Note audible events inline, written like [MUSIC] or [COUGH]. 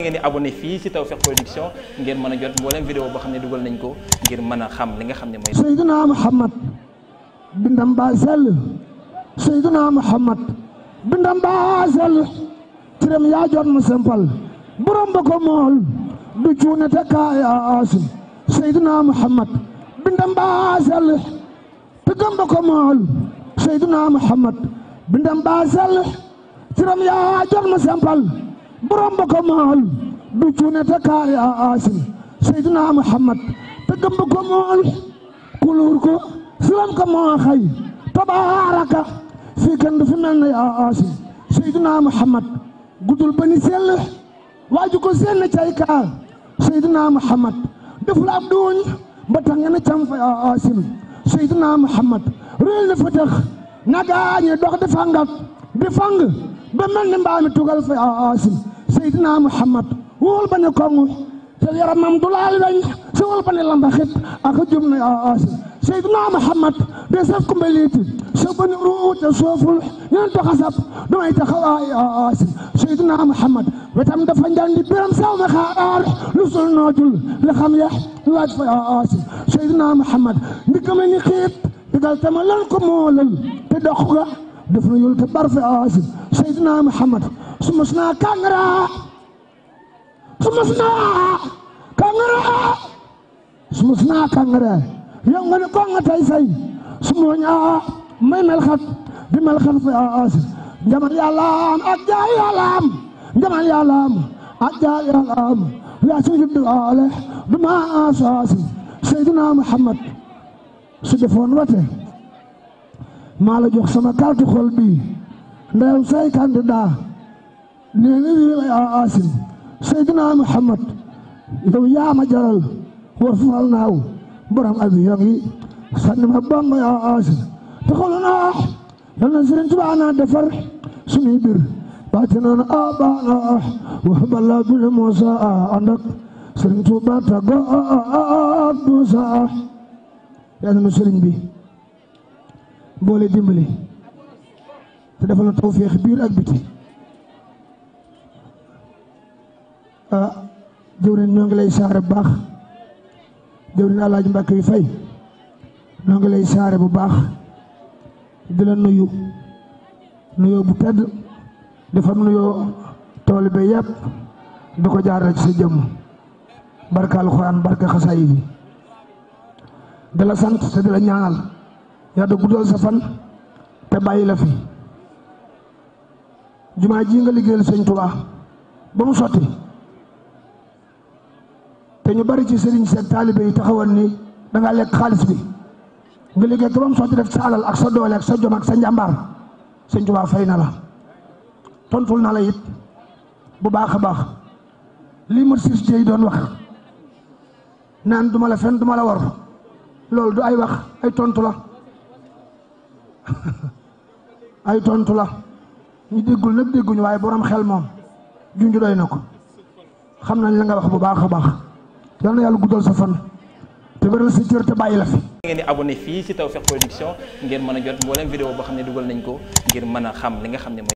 ngeen di abonné fii ci Tawfekh Production a ko ngir mën a xam li nga ne mooy Seydina Muhammad bindam ba sell Seydina Muhammad bindam ba sell tiram yaa jot mu sempal borom ba ko mool du cuune te kaas Seydina Muhammad bindam ba sell tiram ba ko mool Seydina Muhammad bindam ba sell tiram yaa jot mu sempal borom ba ko mool du cuune te kaari a aasim seydina muhammad te gëmb ko mool kuluur ko silam ko moo xay tabaaraka fii kenn du fi mel ne a aasim seydina muhammad gudul ba ni sell waaju ko seen cay kaar seydina muhammad def la ab duuñ ba tax ngeen a cam fa a aasim seydina muhammad réel na fa tax nagaañe dox di fangat di fang ba mel ni mbaami tugal fa a aasim Seydina Muhammad wowal ba ne koŋŋ te yaramam du laal weñ si wol ba ne lambaxit ak a jum na Seydina Muhammad de saf kumbaliiti soo ba ne ruute sooful ñeen to du may taxawaay aas Seydina Muhammad wetam dafa njandi biram saw ma xaaraar lu sul noojul li xam ya laaj fa aas Seydina Muhammad ndikame ni xiit digal tama lan ko moolal te dox ga def na yul te barfe aas Seydina Muhammad sumus naa kangara sumus naa kangara sumus naa yow nga ne ko tay say sumuña may mel di mel xat fa as njaman yàllaam ak jaay yàllaam njaman yàllaam ak jaay yàllaam yaa si jubdu ale du ma asaasi Seydina Muhammad su defoon wate maa la jox sama carte xol bi ndeyam say candidat minni aasim sayyidina muhammad yow yaa ma jaral war fal naaw abi yongi sanni ma bamba yaa aasim te xool na ah yal na Sëriñ Tuubaa na defar suñuy bir baatinan a baana ah wax balla bile Muusa a ànd ak Sëriñ Tuubaa taggo ak Muusa ah yal na sëriñ bi boole dimbali te defal na tawfeex biir ak biti jëwriñ ñoo ngi lay saare bu baax jëwriñ Alaaji mbakk yi fay ñoo ngi lay saare bu baax di la nuyu nuyoo bu tedd dafa am nuyoo tool bi yëpp di ko jaarale ci sa jëmm barka alxuraan barka xasaay bi di la sant te di la ñaanal yàlla guddal sa fan te bàyyi la fi jumaa ji nga liggéeyal sëñ Tuubaa ba mu sotti dañu bari ci sëriñ seen taalibe yi taxawoon ni da nga lekk xaalis bi nga liggéey ko ba mu def sa alal ak sa doole ak sa jom ak sa njàmbaar sëñ Tuubaa fay na la tontul na la it bu baax a baax lii ma société yi doon wax naan duma la fen duma la war loolu du ay wax ay tontu la [LAUGHS] ay tontu la ñu déggul nag dégguñu waaye borom xel moom junju doy na ko xam nañ la nga wax bu baax a baax yal na yàlla guddal sa fan te wéral sa cër te bàyyi la fi. ngeen di abonné fii ci Tawfekh Production ngeen mën a jot mboolem vidéo boo xam ne dugal nañ ko ngir mën a xam li nga xam ne mooy.